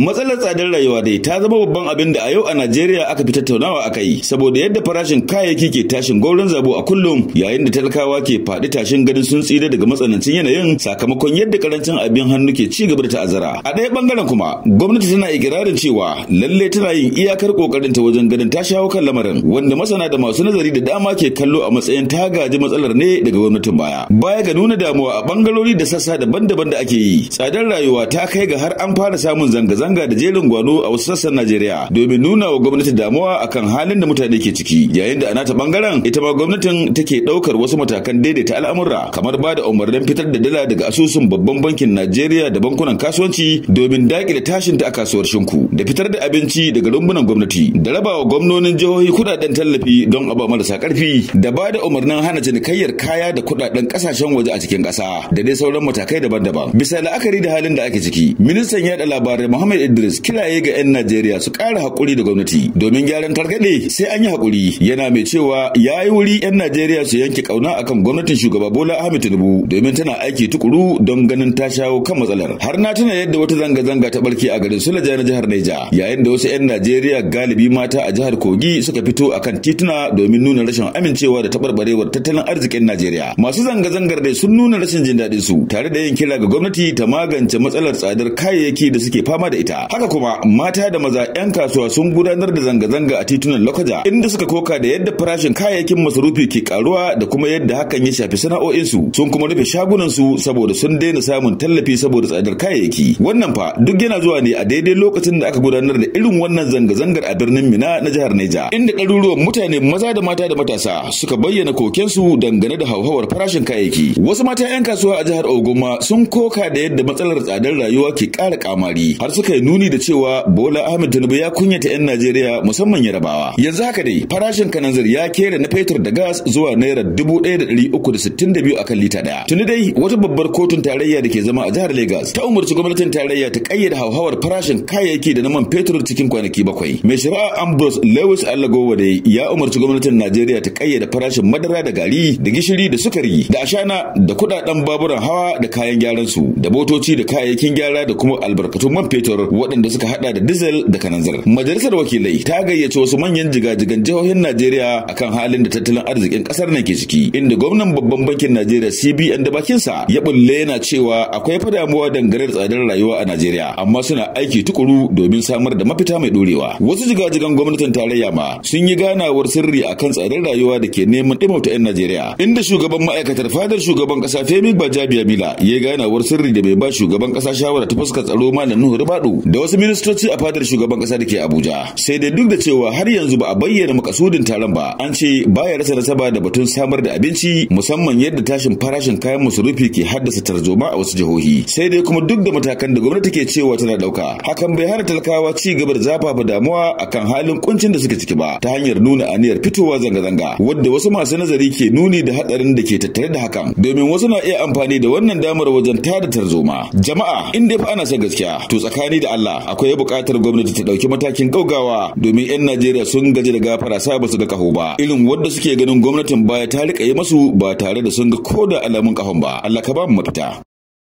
Matsalar tsadar rayuwa dai ta zama babban abin da a yau a Najeriya aka fi tattaunawa a kai saboda yadda farashin kayayyaki ke tashin gauran zabo a kullum yayin da talakawa ke faɗi tashin ganin sun tsira daga matsanancin yanayin sakamakon yadda karancin abin hannu ke ci gaba da ta'azzara. A ɗaya bangaren kuma gwamnati tana ikirarin cewa lalle tana yin iyakar kokarin ta wajen ganin ta shawo kan lamarin wanda masana da masu nazari da dama ke kallo a matsayin ta gaji matsalar ne daga gwamnatin baya. Baya ga nuna damuwa a bangarori da sassa daban-daban da ake yi tsadar rayuwa ta kai ga har an fara samun zanga-zanga zanga da jerin gwano a wasu sassan Najeriya domin nuna wa gwamnati damuwa akan halin da mutane ke ciki yayin da a nata bangaren ita ma gwamnatin take daukar wasu matakan daidaita al'amura kamar ba da umarnin fitar da dala daga asusun babban bankin Najeriya da bankunan kasuwanci domin dakile tashin ta a kasuwar shinku da fitar da abinci daga rumbunan gwamnati da raba wa gwamnonin jihohi kudaden tallafi don a ba marasa karfi da ba da umarnin hana cinikayyar kaya da kudaden kasashen waje a cikin ƙasa da dai sauran matakai daban-daban bisa la'akari da halin da ake ciki ministan yaɗa labarai Muhammad Idris kiraye ga 'yan Najeriya su ƙara haƙuri da gwamnati domin gyaran targaɗe sai an yi haƙuri yana mai cewa ya yi wuri 'yan Najeriya su yanke ƙauna akan gwamnatin shugaba Bola Ahmed Tinubu domin tana aiki tukuru don ganin ta shawo kan matsalar. Har na tuna yadda wata zanga-zanga ta barke a garin Sulaja na jihar Neja yayin da wasu 'yan Najeriya galibi mata a jihar Kogi suka fito akan tituna domin nuna rashin amincewa da taɓarɓarewar tattalin arzikin Najeriya. Masu zanga-zangar dai sun nuna rashin jin daɗin su tare da yin kira ga gwamnati ta magance matsalar tsadar kayayyaki da suke fama da ita. ita haka kuma mata da maza 'yan kasuwa sun gudanar da zanga-zanga a titunan lokaja inda suka koka da yadda farashin kayayyakin masarufi ke karuwa da kuma yadda hakan ya shafi sana'o'insu sun kuma rufe su saboda sun daina samun tallafi saboda tsadar kayayyaki wannan fa duk yana zuwa ne a daidai lokacin da aka gudanar da irin wannan zanga-zangar a birnin mina na jihar neja inda ɗaruruwan mutane maza da mata da matasa suka bayyana kokensu dangane da hauhawar farashin kayayyaki wasu mata 'yan kasuwa a jihar ma sun koka da yadda matsalar tsadar rayuwa ke ƙara kamari har suka yi bai nuni da cewa Bola Ahmed Tinubu ya kunyata 'yan Najeriya musamman Yarabawa. Yanzu haka dai farashin kananzir ya kera na fetur da gas zuwa naira dubu ɗaya da ɗari uku da sittin da biyu akan lita ɗaya. Tuni dai wata babbar kotun tarayya da ke zama a jihar Legas ta umarci gwamnatin tarayya ta ƙayyade hauhawar farashin kayayyaki da na man fetur cikin kwanaki bakwai. Mai shari'a Ambrose Lewis Allagowa dai ya umarci gwamnatin Najeriya ta ƙayyade farashin madara da gari da gishiri da sukari da ashana da kuɗaɗen baburan hawa da kayan gyaran su da botoci da kayayyakin gyara da kuma albarkatun man fetur waɗanda suka hada da diesel da kananzir majalisar wakilai ta gayyaci wasu manyan jigajigan jihohin najeriya akan halin da tattalin arzikin ƙasar nan ke ciki inda gwamnan babban bankin najeriya cbn da bakinsa ya bulle yana cewa akwai fadamuwa dangane da tsadar rayuwa a najeriya amma suna aiki tukuru domin samar da mafita mai ɗorewa. wasu jigajigan gwamnatin tarayya ma sun yi ganawar sirri akan tsadar rayuwa da ke neman ɗimauta 'yan najeriya inda shugaban ma'aikatar fadar shugaban ƙasa femi bajabiya mila ya ganawar sirri da bai ba shugaban ƙasa shawara ta fuskar tsaro malam nuhu da wasu ministoci a fadar shugaban kasa da ke Abuja. Sai dai duk da cewa har yanzu ba a bayyana makasudin taron ba, an ce baya rasa nasaba da batun samar da abinci musamman yadda tashin farashin kayan masarufi ke haddasa tarzoma a wasu jihohi. Sai dai kuma duk da matakan da gwamnati ke cewa tana dauka, hakan bai hana talakawa ci gaba da zafafa damuwa akan halin kuncin da suke ciki ba ta hanyar nuna aniyar fitowa zanga-zanga wadda wasu masu nazari ke nuni da hadarin da ke tattare da hakan domin wasu na iya amfani da wannan damar wajen tada tarzoma. Jama'a in dai fa ana son gaskiya to tsakani da Allah akwai buƙatar gwamnati ta ɗauki matakin gaugawa domin 'yan Najeriya sun gaji da gafara sa su ga kaho ba irin wanda suke ganin gwamnatin baya ta riƙa yi masu ba tare da sun ga ko da alamun kahon ba Allah ka ba mu mafita